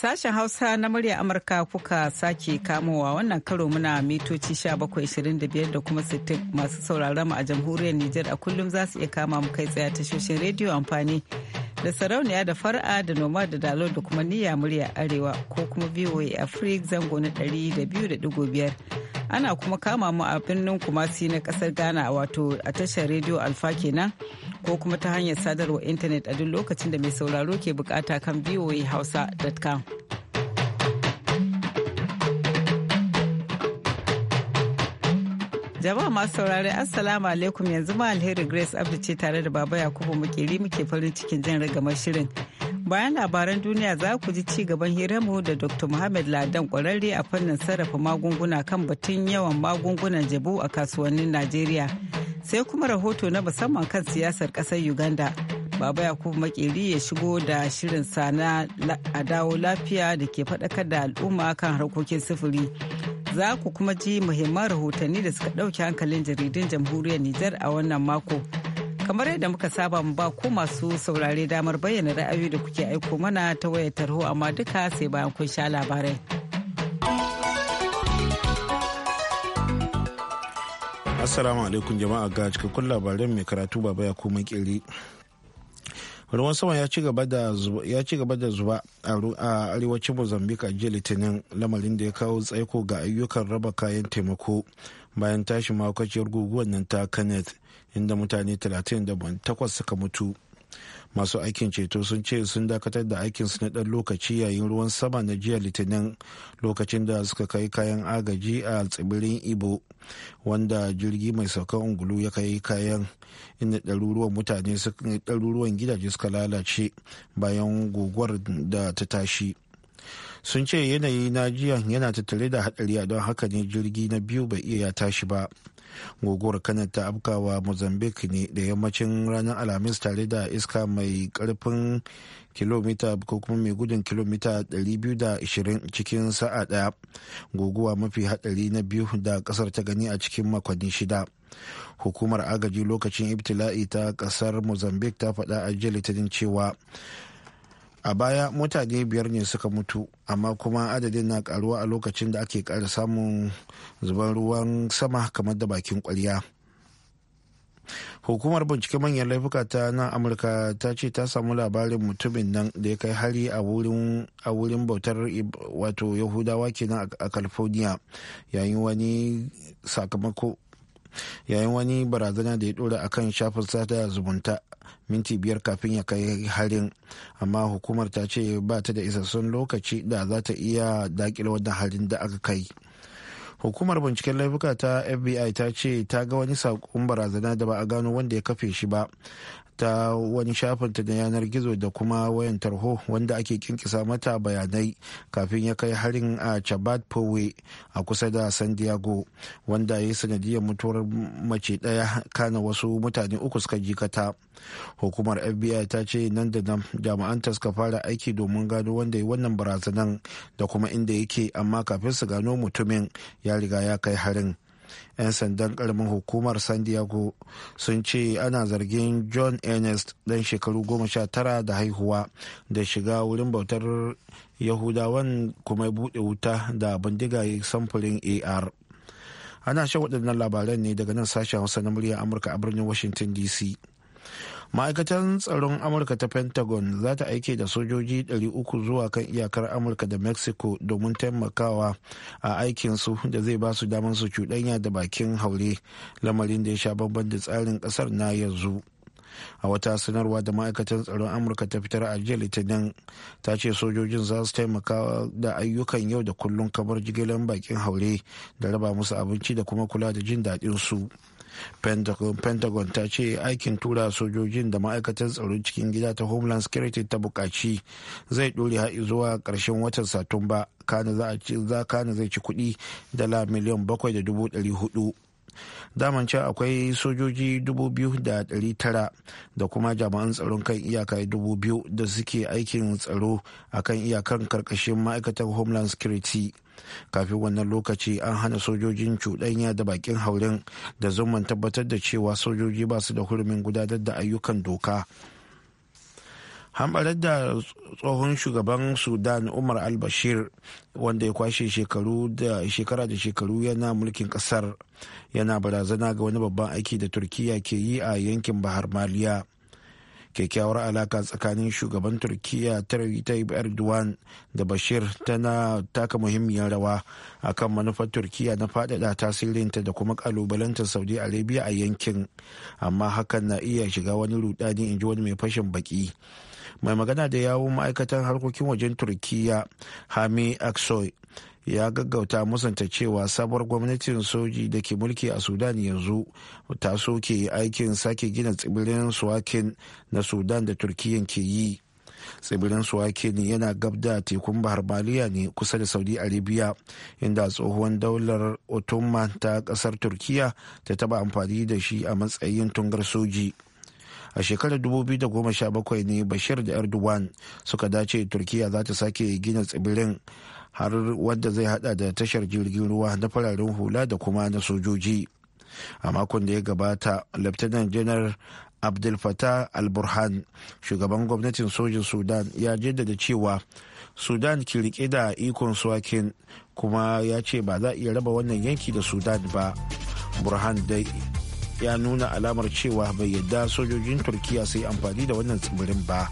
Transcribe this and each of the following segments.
Sashen Hausa na murya Amurka kuka sake kamowa wannan karo muna mitoci 1725 da kuma 60 masu sauraron mu a jamhuriyar Nijar a kullum za su iya kama mu kai tsaye tashoshin rediyo amfani da sarauniya da fara da noma da dalo da kuma niyya murya arewa ko kuma VOA Africa zango na 200.5 ana kuma kama mu a birnin kumasi na kasar ghana wato a tashar rediyo alfa kenan ko kuma ta hanyar sadarwar intanet a duk lokacin da mai sauraro ke bukata kan voahausa.com jama'a masu saurari assalamu alaikum yanzu ma alheri grace abdu ce tare da baba yakubu makeri muke farin cikin jin ragamar shirin Bayan labaran duniya za ku ji ci gaban hiramu da Dr. Muhammad Ladan kwararre a fannin sarrafa magunguna kan batun yawan magungunan jabu a kasuwannin Najeriya. Sai kuma rahoto na musamman kan siyasar ƙasar Uganda. Baba Yakubu Makeri ya shigo da shirin sana a dawo lafiya da ke faɗakar da al'umma kan harkokin sufuri. Za ku kuma ji muhimman rahotanni da suka ɗauke hankalin jaridun jamhuriyar Nijar a wannan mako. kamar yadda muka saba mu ba ku masu saurare damar bayyana ra'ayoyi da kuke aiko mana ta wayar tarho amma duka sai bayan kun sha labarai assalamu alaikum jama'a ga cikakkun labaran mai karatu baba ya kuma kiri ruwan sama ya ci gaba da zuba a arewacin mozambique a jiya litinin lamarin da ya kawo tsaiko ga ayyukan raba kayan taimako bayan tashin makwaciyar guguwar nan ta kenneth inda mutane 38 suka mutu masu aikin ceto sun ce sun dakatar da aikinsu na ɗan lokaci yayin ruwan sama na jiya litinin lokacin da suka kai kayan agaji a tsibirin ibo wanda jirgi mai saukan ungulu ya kai kayan inda ɗaruruwan mutane ɗaruruwan gidaje suka lalace bayan guguwar da ta tashi sun ce yanayi na jiya yana tattare da a don haka ne jirgi na biyu bai iya ya tashi ba guguwar kanan ta afkawa mozambique ne da yammacin ranar alhamis tare da iska mai karfin kilomita ko kuma mai gudun kilomita 220 cikin sa'a daya guguwa mafi hadari na biyu da kasar ta gani a cikin makonni shida hukumar agaji lokacin ibtila'i ta kasar mozambique ta faɗa a jiya litinin cewa a baya mutane biyar ne suka mutu amma kuma adadin na karuwa a lokacin da ake kara samun zuban ruwan sama kamar da bakin kwarya hukumar bincike manyan laifuka ta nan amurka ta ce ta samu labarin mutumin nan da ya kai hari a wurin bautar wato yahudawa kenan a california yayin wani sakamako yayin wani barazana da ya dora a kan shafin sata zumunta minti biyar kafin ya kai harin amma hukumar ta ce ba ta da isassun lokaci da za ta iya dakile wannan harin da aka kai hukumar binciken laifuka ta fbi ta ce ta ga wani saƙon barazana da ba a gano wanda ya kafe shi ba ta wani shafinta na yanar gizo da kuma wayan tarho wanda ake kinkisa mata bayanai kafin ya kai harin a chabad powe a kusa da san diego wanda ya yi sanadiyar mutuwar mace daya kana wasu mutane uku suka jikata hukumar fbi ta ce nan da nan jami'anta suka fara aiki domin gano wanda ya wannan barazanan da kuma inda yake amma kafin su gano mutumin ya riga ya kai harin 'yan sandan karamin hukumar san diego sun ce ana zargin john ernest dan shekaru goma sha tara da haihuwa da shiga wurin bautar yahudawan kuma buɗe wuta da bindiga samfurin ar ana shan waɗannan labaran ne daga nan sashen hausa na murya amurka a birnin washington dc ma'aikatan tsaron amurka ta pentagon za ta aike da sojoji 300 zuwa kan iyakar amurka da mexico domin taimakawa a aikinsu da zai ba su damar su cuɗanya da bakin haure lamarin da ya sha bamban da tsarin ƙasar na yanzu a wata sanarwa da ma'aikatan tsaron amurka ta fitar a jiya litinin ta ce sojojin za su taimaka da ayyukan yau da kullum kamar jigilan bakin haure da raba musu abinci da kuma kula da jin daɗin su pentagon ta ce aikin tura sojojin da ma'aikatan tsaro cikin gida ta homeland security ta bukaci zai dore har zuwa karshen watan satumba kana zai ci kudi dala miliyan bakwai da dubu hudu. daman can akwai sojoji 2,900 da kuma jami'an tsaron kan iyaka 2,000 da suke aikin tsaro a kan iyakan karkashin ma'aikatar homeland security kafin wannan lokaci an hana sojojin cuɗanya da bakin haurin da zuman tabbatar da cewa sojoji ba su da hurumin gudanar da ayyukan doka. hambarar da tsohon shugaban sudan umar al-bashir wanda ya kwashe shekaru da shekara da shekaru yana mulkin kasar yana barazana ga wani babban aiki da turkiya ke yi a yankin bahar maliya kyakkyawar alaka tsakanin shugaban turkiya tayyip erdogan da bashir tana taka muhimmiyar rawa akan manufar turkiya na faɗaɗa tasirinta da kuma kalubalantar saudi arabia a yankin amma hakan na iya shiga wani rudani in ji wani mai fashin baki mai magana da yawun ma'aikatan harkokin wajen turkiya hami aksoy ya gaggauta musanta cewa sabuwar gwamnatin soji da ke mulki a sudan yanzu ta soke aikin sake gina tsibirin suwakin na sudan da turkiya ke yi tsibirin suwakin yana gab da tekun bahar baliya ne kusa da saudi arabia inda tsohuwan daular ottoman ta kasar turkiya ta taba amfani da shi a matsayin tungar soji a shekarar 2017 ne bashir da erdogan suka dace turkiya za ta sake gina tsibirin har wadda zai hada da tashar jirgin ruwa na fararen hula da kuma na sojoji a makon da ya gabata lieutenant Janar abdul fatah al-burhan shugaban gwamnatin sojin sudan ya jaddada cewa sudan ki rike da ikon swakin kuma ya ce ba za a iya raba wannan yanki da sudan ba burhan dai ya nuna alamar cewa bai yadda sojojin turkiya su yi amfani da wannan tsibirin ba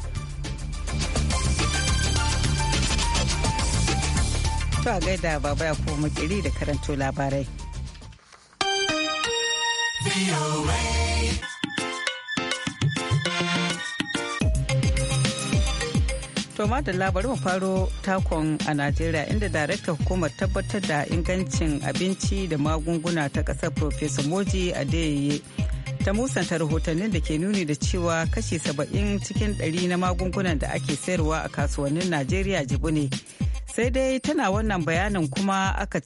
to a baba ya kuma makiri da karanto labarai To da labarin faro takon a Najeriya inda daraktar hukumar tabbatar da ingancin abinci da magunguna ta kasar professor Moji Adeyeye ta musanta rahotannin da ke nuni da cewa kashi saba'in cikin ɗari na magungunan da ake sayarwa a kasuwannin Najeriya jibu ne. Sai dai tana wannan bayanin kuma aka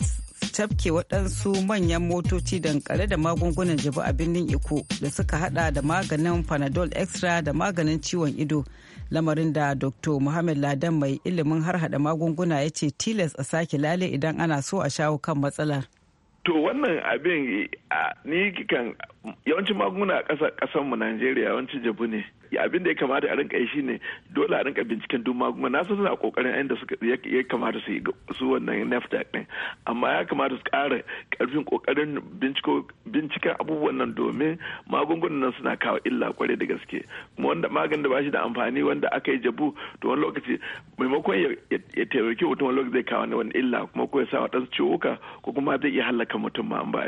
tafke waɗansu manyan motoci dankare da magungunan jibu a birnin Iko da suka hada da maganin Panadol Extra da maganin ciwon ido. lamarin da dr muhammad ladan mai ilimin harhaɗa magunguna ya ce tilas a sake lale idan ana so a shawo kan matsalar to wannan abin ni kan yawancin magunguna a ƙasar mu Najeriya yawancin jabu ne abin da ya kamata a rinka shi ne dole a rinka binciken duk magunguna na san suna kokarin inda suka ya kamata su yi su wannan NAFTA din amma ya kamata su ƙara ƙarfin kokarin binciko binciken abubuwan nan domin magungunan nan suna kawo illa kwarai da gaske kuma wanda maganin da ba shi da amfani wanda aka yi jabu to wani lokaci maimakon ya taimaki mutum wani lokaci zai kawo wani illa kuma ko ya sa wadansu ciwuka ko kuma zai iya halaka halaka mutum ma ba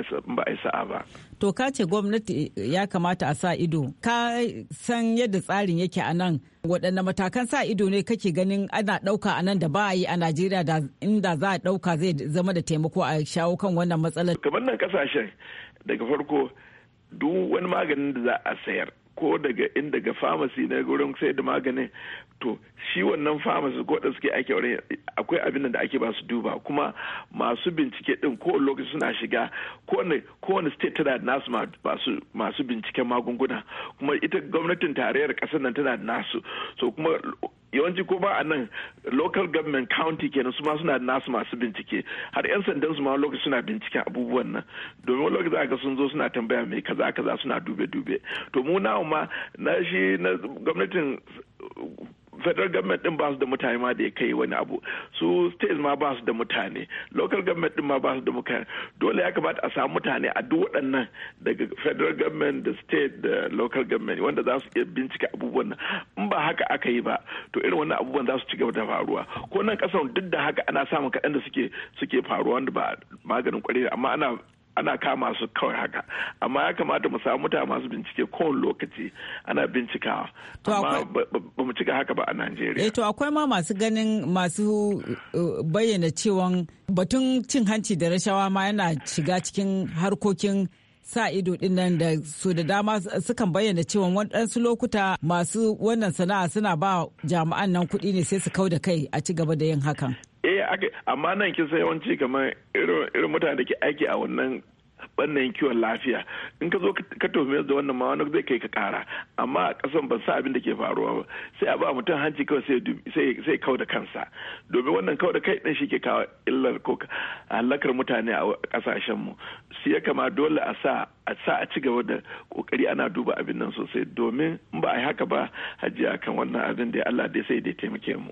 a yi sa'a ba. To ka ce gwamnati ya kamata a sa ido, ka san yadda tsarin yake a nan waɗanne matakan sa ido ne kake ganin ana ɗauka a nan da ba a yi a Najeriya da inda za a ɗauka zai zama da taimako a shawo kan wannan matsalar. Kamar nan kasashen daga farko duk wani maganin da za a sayar ko daga in daga famasi na gurin sai da maganin to shi wannan famasi ko da suke aiki wurin akwai abin da ake basu duba kuma masu bincike din ko lokaci suna shiga ko wani state tana da nasu masu binciken magunguna kuma ita gwamnatin tarayyar kasar nan tana da nasu so kuma yawanci ko ba a nan local government county kenan su ma suna nasu masu bincike har yan sandan su ma lokaci suna binciken abubuwan nan domin lokaci za ka sun zo suna tambaya mai kaza kaza suna dube dube to mu na ma na shi na gwamnatin federal government din ba su da mutane ma da ya kai wani abu su states ma ba su da mutane local government din ma ba su da mutane dole ya kamata a samu mutane a duk waɗannan daga federal government da state da local government wanda za su iya bincika abubuwan nan in ba haka aka yi ba to irin wannan abubuwan za su ci gaba da faruwa ko nan ƙasar duk da haka ana samun kaɗan da suke suke faruwa wanda ba maganin kwarewa amma ana ana kama su kawai haka amma ya kamata mu samu mutane masu bincike kowane lokaci ana bincikawa amma ba mu cika haka ba a najeriya eh, to akwai ma masu ganin masu uh, bayyana cewa batun cin hanci da rashawa ma yana shiga cikin harkokin sa ido dinnan da su da dama sukan bayyana cewa waɗansu lokuta masu wannan sana'a suna ba jami'an nan kuɗi ne sai su kau kai a ci gaba da yin hakan eh amma nan kin san yawanci kamar irin mutane da ke aiki a wannan bannan kiwon lafiya in ka zo ka tome da wannan ma wani zai kai ka kara amma a kasan ban sa abin da ke faruwa ba sai a ba mutum hanci kawai sai sai kau da kansa domin wannan kau da kai din shi ke kawo illar ko halakar mutane a kasashen mu su ya kama dole a sa a sa a ci gaba da kokari ana duba abin nan sosai domin ba a yi haka ba hajiya kan wannan abin da Allah dai sai dai taimake mu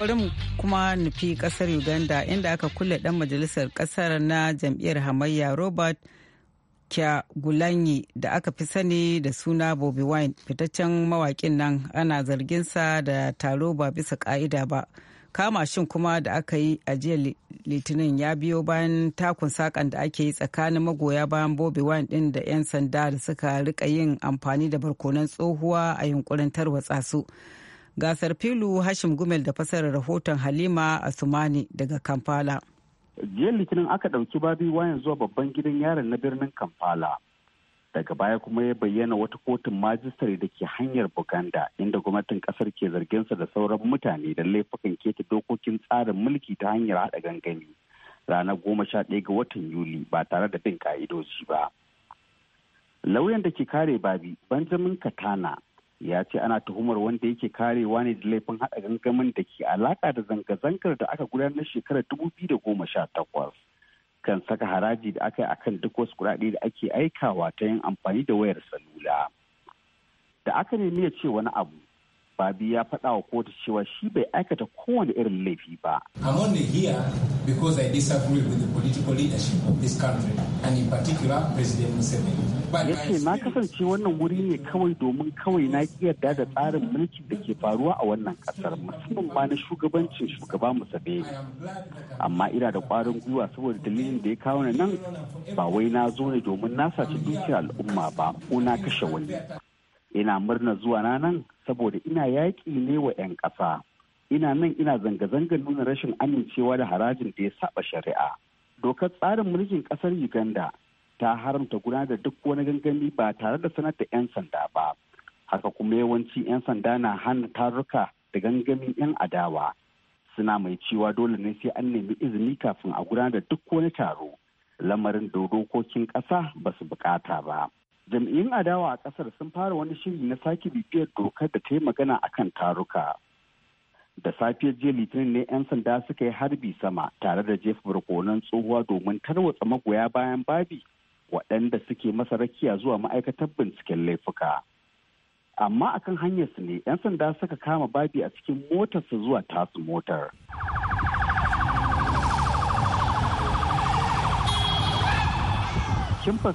bari mu kuma nufi kasar uganda inda aka kulle dan majalisar kasar na jam'iyyar hamayya robert kyagulanyi da aka fi sani da suna bobi wine fitaccen mawakin nan ana zargin sa da taro ba bisa ka'ida ba kama shin kuma da aka yi a jiya litinin ya biyo bayan takun sakan da ake yi tsakanin magoya bayan bobi wine din da 'yan sanda da suka rika yin amfani da barkonan tsohuwa a yunkurin tarwatsa su gasar filu hashim gumel da fassarar rahoton halima asumani daga kampala jiya litinin aka ɗauki babi wayan zuwa babban gidan yaron na birnin kampala daga baya kuma ya bayyana wata kotun majistare da ke hanyar buganda inda gwamnatin kasar ke zarginsa da sauran mutane da laifukan keta dokokin tsarin mulki ta hanyar haɗa gangami ranar goma sha ɗaya ga watan yuli ba tare da bin ka'idoji ba lauyan da ke kare babi benjamin katana ya ce ana tuhumar wanda yake karewa ne da laifin haɗa gangamin da ke alaƙa da zanga-zangar da aka gudanar shekarar takwas kan saka haraji da aka yi a kan duk wasu kuɗaɗe da ake aikawa ta yin amfani da wayar salula da aka nemi ya ce wani abu Babi ya faɗa wa kotu cewa shi bai aikata kowane irin laifi ba. I'm only here because I disagree with the political leadership of this country and in particular President Museveni. ya ce na kasance wannan wuri ne kawai domin kawai na yarda da tsarin mulki da ke faruwa a wannan kasar musamman ba na shugabancin shugaba Museveni. amma ina da kwarin gwiwa saboda dalilin da ya kawo ni nan ba wai na zo ne domin na saci dukiyar al'umma ba ko na kashe wani ina murna zuwa na nan saboda ina yaƙi ne wa 'yan ƙasa ina nan ina zanga zanga nuna rashin amincewa da harajin da ya saba shari'a dokar tsarin mulkin ƙasar uganda ta haramta gudanar da duk wani gangami ba tare da sanar da 'yan sanda ba haka kuma yawanci 'yan sanda na hana taruka da gangamin 'yan adawa suna mai cewa dole ne sai an nemi izini kafin a gudanar da duk wani taro lamarin da dokokin ƙasa ba su bukata ba. jam'iyyun adawa a kasar sun fara wani shiri na sake bibiyar dokar da ta yi magana akan taruka da safiyar jiya litinin ne 'yan sanda suka yi harbi sama tare da jefa barkonan tsohuwa domin tarwatsa magoya bayan babi waɗanda suke masa rakiya zuwa ma'aikatar binciken laifuka amma akan hanyarsu ne 'yan sanda suka kama babi a cikin motarsa zuwa tasu motar Shimpa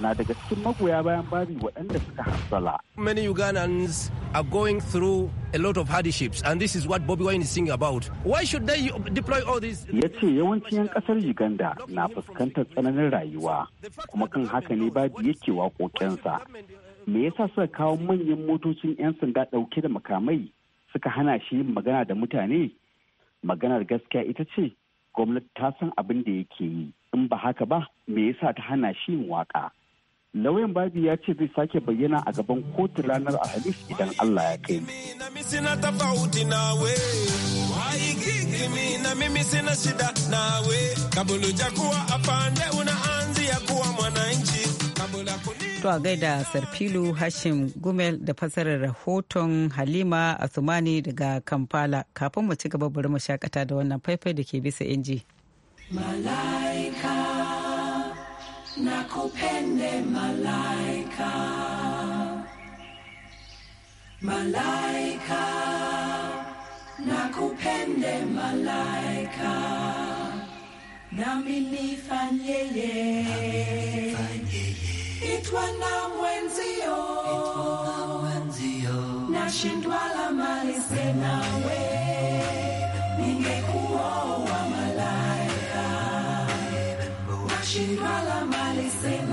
na daga cikin magoya bayan Babi waɗanda suka hasala. Many Ugandans are going through a lot of hardships and this is what Bobby Wine is singing about. Why should they deploy all this? Ya ce yawancin 'yan ƙasar Uganda na fuskantar tsananin rayuwa kuma kan haka ne Babi yake waƙoƙinsa. Me yasa suka kawo manyan motocin 'yan sanda ɗauke da makamai suka hana shi yin magana da mutane? Maganar gaskiya ita ce gwamnati ta san abin da yake yi. in ba haka ba me yasa ta hana shi yin waka lauyan babi ya ce zai sake bayyana a gaban kotu ranar alhamis idan allah ya kai To a gaida Sarfilu Hashim Gumel da fasarar rahoton Halima Athumani daga Kampala kafin mu ci gaba bari mu shakata da wannan faifai da ke bisa inji. Malaika, nakupende malaika, malaika, nakupende malaika, nami nifanyeye, itwa na mwenzio, nashindwa la mali sena we, ningeku Shira la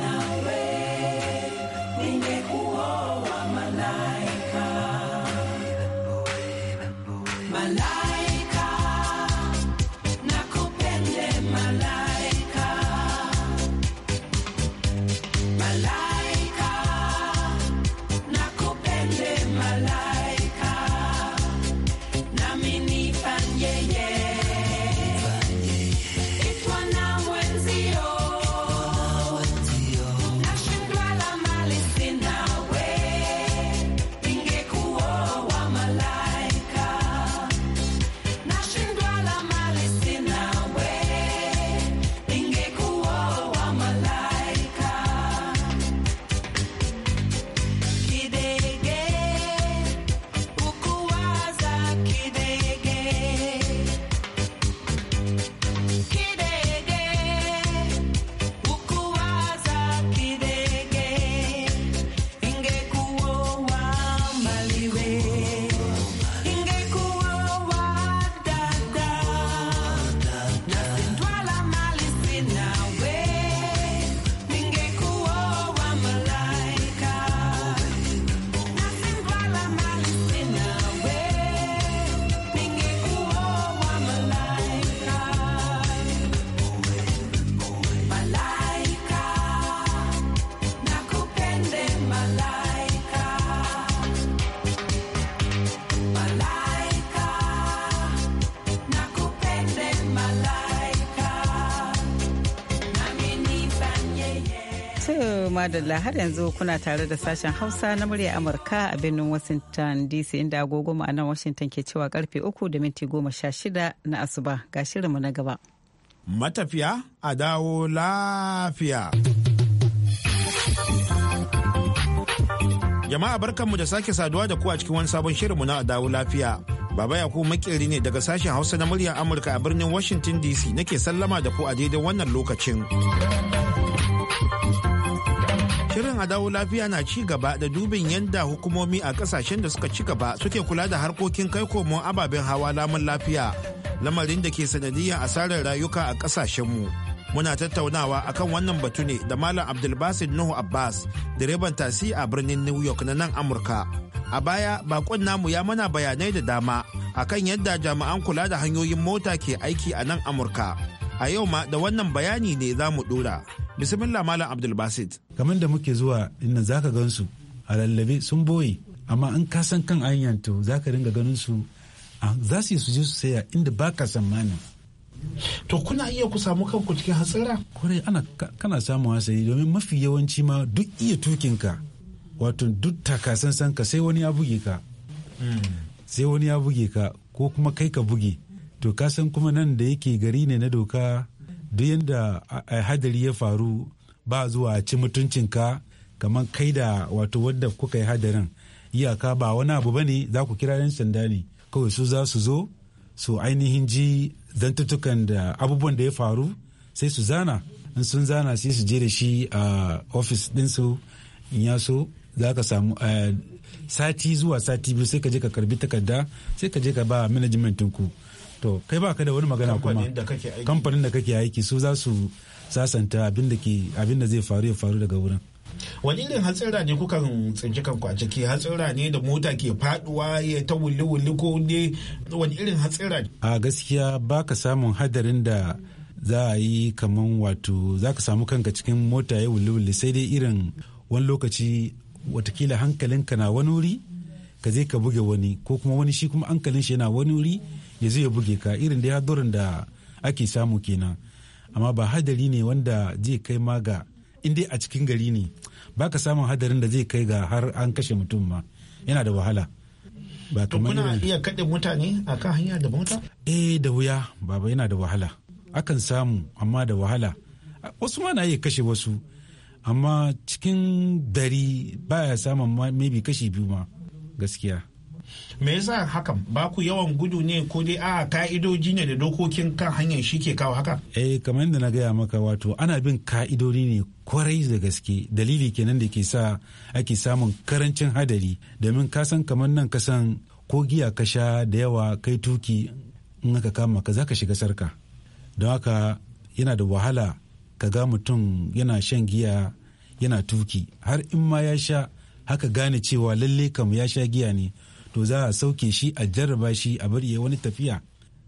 madalla har yanzu kuna tare da sashen hausa na murya amurka a birnin washington dc inda agogo ma'anar washington ke cewa karfe uku da minti 16 na asuba ga shirinmu na gaba matafiya a dawo lafiya jama'a barkanmu da sake saduwa da ku a cikin wani sabon shirinmu na a dawo lafiya Baba Yakubu makeri ne daga sashen Hausa na murya Amurka a birnin Washington DC nake sallama da ku a daidai wannan lokacin. Shirin a dawo lafiya na ci gaba da dubin yadda hukumomi a kasashen da suka ci gaba suke kula da harkokin kai komon ababen hawa lamun lafiya lamarin da ke sanadiyar asarar rayuka a kasashenmu. Muna tattaunawa akan wannan batu ne da Malam Abdulbasid Nuhu Abbas, direban tasi a birnin New York na nan Amurka. A baya, bakon namu ya mana bayanai da dama akan yadda jami'an kula da hanyoyin mota ke aiki a nan Amurka. A yau ma da wannan bayani ne za mu dora. bismillah malam abdulbasit kamar da muke zuwa innan zaka gansu a lallabe sun boye amma in ka san kan hanyar to za ka ringa ganin su za su yi su je su saya inda ba ka tsammanin to kuna iya ku samu kanku cikin hatsira kwarai ana kana samun hasari domin mafi yawanci ma duk iya tukin ka wato duk takasansan ka sai wani ya buge ka sai wani ya buge ka ko kuma kai ka buge to ka san kuma nan da yake gari ne na doka duk yadda eh, hadari ya faru ba zuwa ci mutuncinka kamar kai da wato wadda kuka yi hadarin iyaka ba wani abu bane za ku kira yan sanda ne kawai su za su zo su ainihin ji zantuttukan da abubuwan da ya faru sai su zana in sun zana sai su je da shi a ofis ɗinsu in ya so za ka samu eh, sati zuwa sati biyu sai ka je ka karbi takarda sai ka je ka ba management ku to kai ba ka da wani magana kuma kamfanin da kake aiki su za su sasanta abin da zai faru ya faru daga wurin wani irin hatsin rane kuka tsinci kan a ciki hatsin rane da mota ke faduwa ya ta wuli wuli ko ne wani irin rane a gaskiya ba ka samun hadarin da za a yi kamar wato za ka samu kanka cikin mota ya wuli wuli sai dai irin wani lokaci watakila hankalinka na wani wuri ka zai ka buge wani ko kuma wani shi kuma hankalin shi yana wani wuri ya zai buge ka irin da yadurin da ake samu kenan amma ba hadari ne wanda zai kai ma ga a cikin gari ne ba ka samun hadarin da zai kai ga har an kashe mutum ma yana da wahala ba kamar kuna iya kaɗe mutane a kan hanya da mota eh da wuya baba yana da wahala akan samu amma da wahala wasu ma na iya kashe wasu amma cikin dari baya samun maybe kashi biyu ma gaskiya me yasa hakan ba ku yawan gudu ne ko dai a ka'idoji ne da dokokin kan hanyar shi ke kawo haka eh kamar yadda na gaya maka wato ana bin ka'idodi ne kwarai da gaske dalili kenan da ke sa ake samun karancin hadari domin kasan kamar nan ka san ko giya ka sha da yawa kai tuki in aka kama ka za ka shiga sarka don haka yana da wahala ka ga mutum yana shan giya yana tuki har in ma ya sha haka gane cewa lalle kam ya sha giya ne to za a sauke shi a jarraba shi a bari ya wani tafiya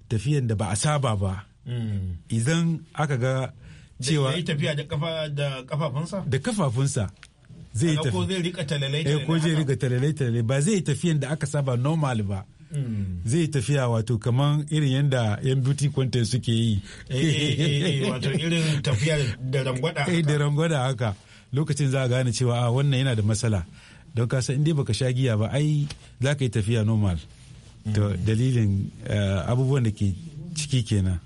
tafiyan da ba a saba ba mm. idan aka ga cewa da tafiya da kafafunsa da kafafunsa zai yi ko zai rika eh, ko zai rika talalai talalai ba zai tafiyan da aka saba normal ba mm. zai tafiya wato kaman irin yadda yan beauty contest suke yi eh, eh, wato irin tafiya da rangwada da rangwada haka lokacin za a gane cewa ah, wannan yana da matsala don ka san inda baka sha giya ba ai za ka yi tafiya normal to mm. dalilin eh, abubuwan da ke ciki kenan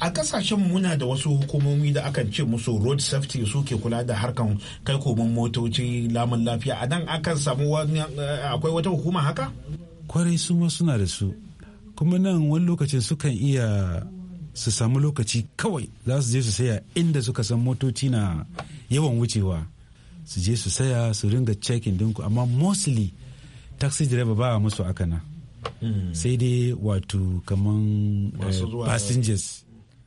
a kasashen muna da wasu hukumomi da akan ce musu road safety suke kula da harkan kai komin motoci lamun lafiya a nan akan samu eh, akwai wata hukuma haka kwarai su ma suna da su kuma nan wani lokacin sukan iya su samu lokaci kawai za su je su saya inda suka san motoci na yawan wucewa su je su saya su ringa checking dinku amma mostly taxi driver ba musu aka na hmm. sai dai wato kaman eh, passengers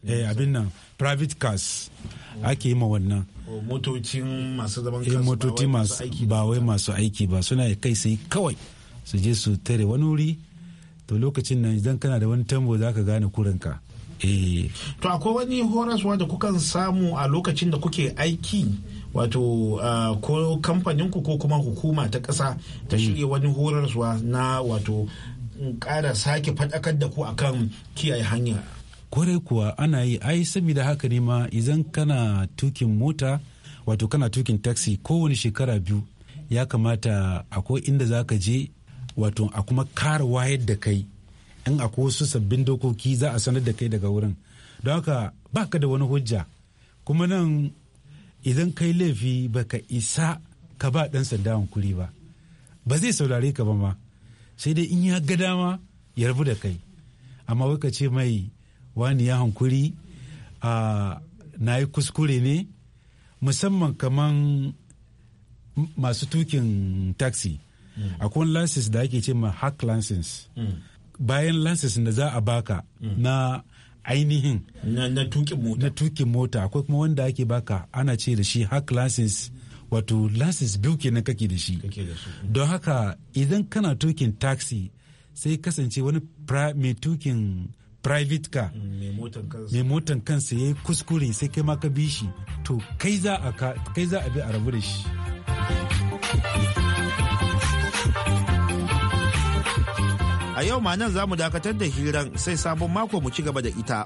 eh, eh abin nan private cars ake yi ma wannan oh, motocin masu zaman eh, kansu motoci ba wai masu aiki ba suna kai sai kawai su je su tare wani wuri to lokacin nan idan kana da wani tambo za ka gane kurinka eh to akwai wani horaswa da kukan samu a lokacin da kuke aiki wato ah, ko kamfaninku ko kuma hukuma ta ƙasa ta mm. shirya wani horarwa na wato ƙara sake faɗakar da ku akan kiyaye hanya kwarai kuwa ana yi ai saboda haka ne ma idan kana tukin mota wato kana tukin taxi kowane shekara biyu ya kamata akwai inda za ka je wato a kuma kara wayar da kai in akwai wasu sabbin dokoki za a sanar da kai daga wurin don haka baka da wani hujja kuma nan idan kai laifi ba ka isa ka ba ɗan sanda hankuri ba ba zai saurare ka ba ma sai dai in ya ga dama ya rabu da kai amma wai ka ce mai wani ya hankuri a na yi kuskure ne musamman kaman masu tukin taxi mm. akwai wani da ake ce ma hack lansis mm. bayan lansis da za a baka mm. na ainihin na tukin mota akwai kuma wanda ake baka ana ce da shi hack license wato license biyu kenan kake da shi don haka idan kana tukin taxi sai kasance wani mai tukin private car mm, mai motan kansa ya yi kuskure sai kai ma ka bi shi to kai za a bi a rabu da shi a yau ma nan za mu dakatar da hiran sai sabon mako mu ci gaba da ita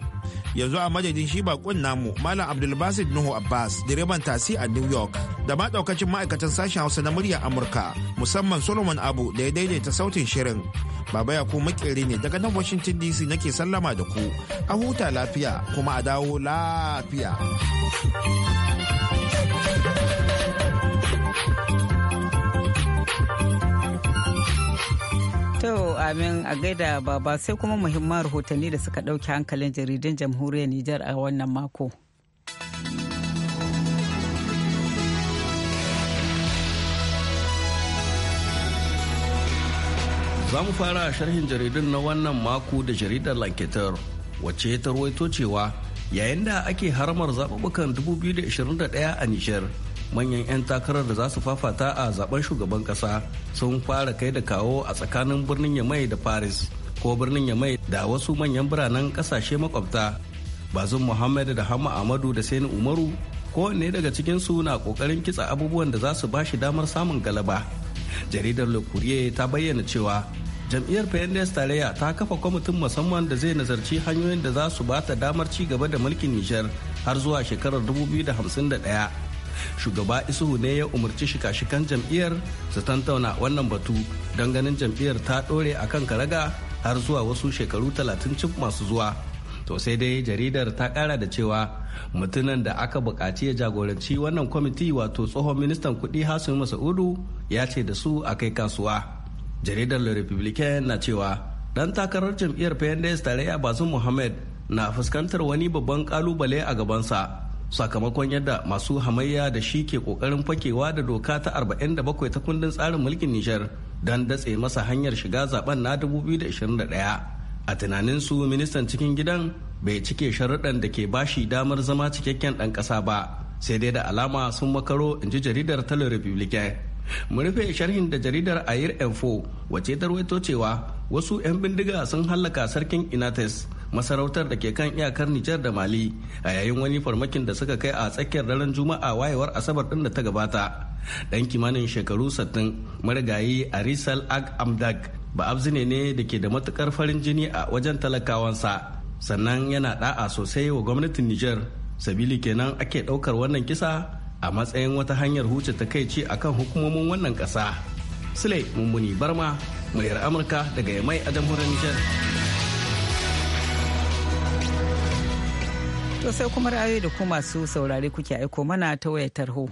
yanzu a madadin shi bakon namu malam abdulbasid nuhu abbas direban tasi a new york da ma daukacin ma'aikatan sashen hausa na muryar amurka musamman solomon abu da ya daidaita sautin shirin baba ya ku makere ne daga nan washington dc nake sallama da ku a huta lafiya kuma a dawo lafiya thank you To amin a gaida baba sai kuma muhimman rahotanni da suka ɗauki hankalin jaridun jamhuriyar Nijar a wannan mako. Za mu fara sharhin jaridun na wannan mako da jaridar Lanketer wacce ta tarwaito cewa yayin da ake haramar zaɓuɓɓukan 2021 a Nijar. manyan 'yan takarar da za su fafata a zaben shugaban kasa sun fara kai da kawo a tsakanin birnin yamai da paris ko birnin yamai da wasu manyan biranen kasashe makwabta bazin muhammad da hama amadu da sani umaru kowanne daga cikin su na kokarin kitsa abubuwan da za su ba shi damar samun galaba jaridar le ta bayyana cewa jam'iyyar pnds tarayya ta kafa kwamitin musamman da zai nazarci hanyoyin da za su ba ta damar ci gaba da mulkin nijar har zuwa shekarar 2051 shugaba isuhu ne ya umarci shika-shikan jam'iyyar su tantauna wannan batu don ganin jam'iyyar ta ɗore a kan karaga har zuwa wasu shekaru talatin cif masu zuwa to sai dai jaridar ta kara da cewa mutumin da aka buƙaci ya jagoranci wannan kwamiti wato tsohon ministan kuɗi hasun masa'udu ya ce da su a kai kasuwa jaridar le republican na cewa ɗan takarar jam'iyyar pnds tarayya bazin muhammad na fuskantar wani babban kalubale a gabansa sakamakon yadda masu hamayya da shi ke kokarin fakewa da doka ta 47 ta kundin tsarin mulkin Nijar don datse masa hanyar shiga zaben na 2021. A tunanin su ministan cikin gidan bai cike sharuɗan da ke bashi damar zama cikakken ɗan ƙasa ba, sai dai da alama sun makaro in ji jaridar Tele Republican. mu rufe sharhin da jaridar ayir info wace ta cewa wasu 'yan bindiga sun hallaka sarkin inates masarautar da ke kan iyakar Nijar da Mali a yayin wani farmakin da suka kai a tsakiyar daren Juma'a wayewar Asabar din da ta gabata. Dan kimanin shekaru 60 marigayi Arisal Ag Amdag ba abzine ne da ke da matukar farin jini a wajen talakawansa sannan yana da'a sosai wa gwamnatin Nijar sabili kenan ake daukar wannan kisa a matsayin wata hanyar huce takaici kan hukumomin wannan ƙasa. Sule Mummuni Barma, muryar Amurka daga Yamai a jamhuriyar Nijar. To sai kuma ra'ayoyi da kuma su saurare kuke aiko mana ta wayar tarho.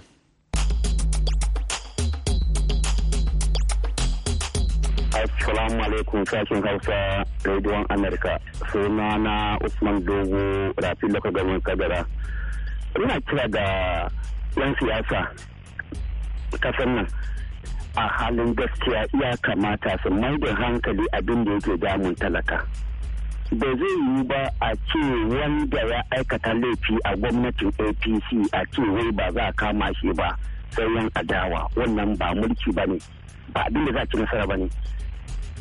Assalamu alaikum sashen Hausa rediyon Amerika. Suna na Usman Dogo Rafi Loka Kadara. Ina kira ga 'yan siyasa kasan nan. A halin gaskiya iya kamata su maida hankali abin da yake damun talaka. ba zai yiwu ba a ce wanda ya aikata laifi a gwamnatin apc a ce wai ba za a kama shi ba sai yan adawa wannan ba mulki ba ne ba abin da za a ci nasara ba ne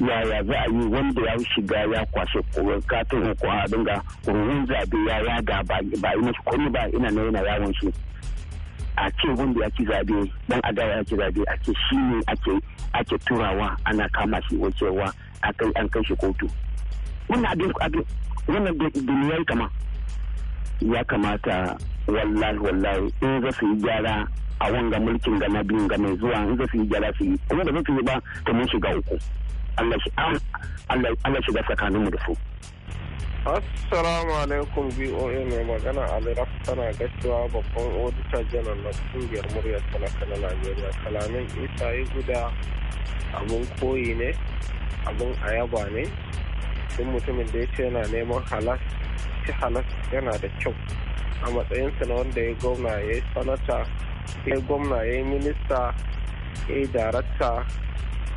yaya za a yi wanda ya shiga ya kwashe katin ko a dinga kurun zabe ya yaga ba yi mashi komi ba ina na yana yawon shi a ce wanda ya ci zabe dan adawa ya ci zabe a ce shi ne ake turawa ana kama shi wacewa a kai an kai shi kotu wannan abin wannan duniyar kama ya kamata wallahi wallahi in za su yi gyara a wanga mulkin ga na ga mai zuwa in za su yi gyara su yi kuma da za su yi ba ta mun shiga uku Allah shiga tsakanin mu da su. Assalamu alaikum BOA mai magana Ali tana gashuwa babban odita janar na kungiyar muryar talaka na Najeriya kalamin isa yi guda abun koyi ne abun ayaba ne duk mutumin da ya ce yana neman halas ci halas yana da kyau a matsayinsa na wanda ya gwamna ya yi sanata ya gwamna ya yi minista ya yi darakta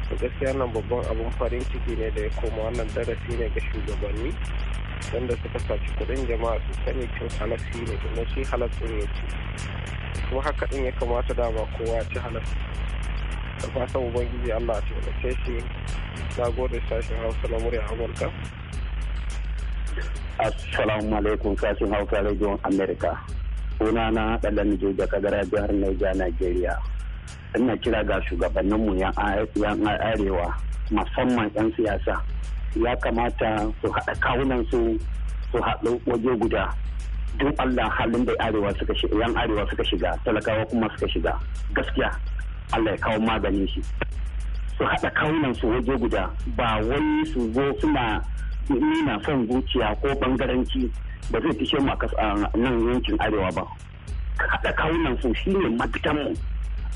to gaskiya nan babban abin farin ciki ne da ya koma wannan darasi ne ga shugabanni wanda suka saci kudin jama'a su sani cin shi ne kuma shi halas ɗin ya ci kuma haka ɗin ya kamata dama kowa ya ci halas da fatan ubangiji allah a taimake shi na gode sashen hausa na murya amurka assalamu alaikum sashen hausa rediyon america suna na nijo da kadara jihar naija nigeria ina kira ga shugabanninmu yan arewa musamman yan siyasa ya kamata su haɗa kawunansu su haɗu waje guda duk Allah halin da yan arewa suka shiga talakawa kuma suka shiga gaskiya Allah ya kawo maganin shi su haɗa kaunan su waje guda ba wani su zo suna nuna son zuciya ko bangaranci ba zai fishe mu a nan yankin arewa ba haɗa kaunan su shine mafitan mu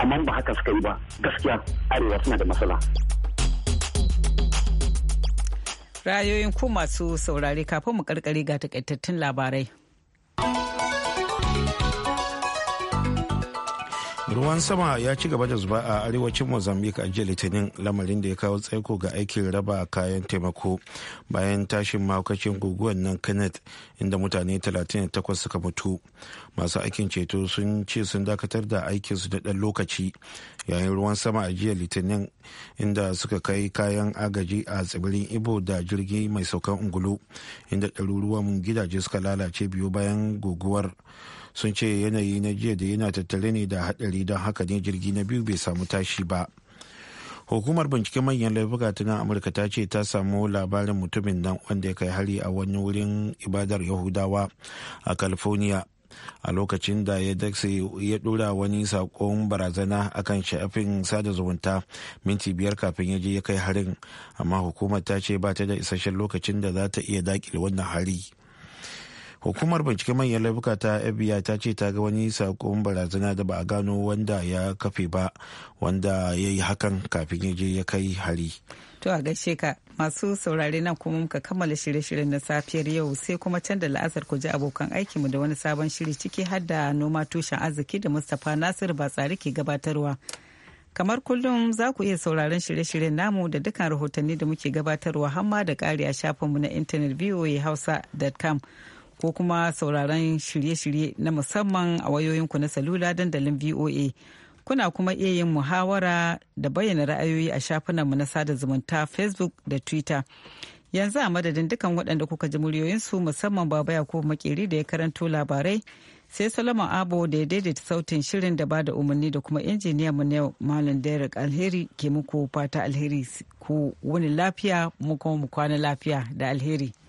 amma ba haka suka yi ba gaskiya arewa suna da matsala rayoyin ku masu saurari kafin mu karkare ga takaitattun labarai ruwan sama ya ci gaba da zuba a arewacin mozambique a jiya litinin lamarin da ya kawo tsaiko ga aikin raba kayan taimako bayan tashin mahaukacin guguwar nan kenneth inda mutane 38 suka mutu masu aikin ceto sun ce sun dakatar da aikinsu da ɗan lokaci yayin ruwan sama a jiya litinin inda suka kai kayan agaji a tsibirin ibo da jirgi mai saukan ungulu inda ɗaruruwan gidaje suka lalace biyu bayan guguwar sun ce yanayi na jiya da yana tattare ne da hadari don haka ne jirgi na biyu bai samu tashi ba hukumar binciken manyan laifuka ta nan amurka ta ce ta samu labarin mutumin nan wanda ya kai hari a wani wurin ibadar yahudawa a california a lokacin da ya dakse ya dora wani sakon barazana akan shafin sada zumunta minti biyar kafin ya je ya kai harin amma hukumar ta ce ba ta da isasshen lokacin da za ta iya dakile wannan hari hukumar bincike manyan laifuka ta fbi ta ce ta ga wani sakon barazana da ba a gano wanda ya kafe ba wanda ya yi hakan kafin ya je ya kai hari to a gaishe ka masu saurare nan kuma muka kammala shirye-shiryen na safiyar yau sai kuma can da la'asar ku ji abokan aikinmu da wani sabon shiri ciki har da noma tushen arziki da mustapha nasiru tsari ke gabatarwa kamar kullum za ku iya sauraron shirye-shiryen namu da dukkan rahotanni da muke gabatarwa hamma da kari a shafinmu na intanet voahausa.com hausa.com ko kuma sauraron shirye-shirye na musamman a wayoyinku na salula dandalin VOA. Kuna kuma iya yin muhawara da bayyana ra'ayoyi a shafinanmu na sada zumunta Facebook da Twitter. Yanzu a madadin dukan waɗanda kuka ji muryoyinsu musamman Baba Yakubu Makeri da ya karanto labarai sai Solomon Abo da ya daidaita sautin shirin da ba da umarni da kuma injiniya mu na Malam Derek Alheri ke muku fata alheri ku wani lafiya mu kuma mu kwana lafiya da alheri.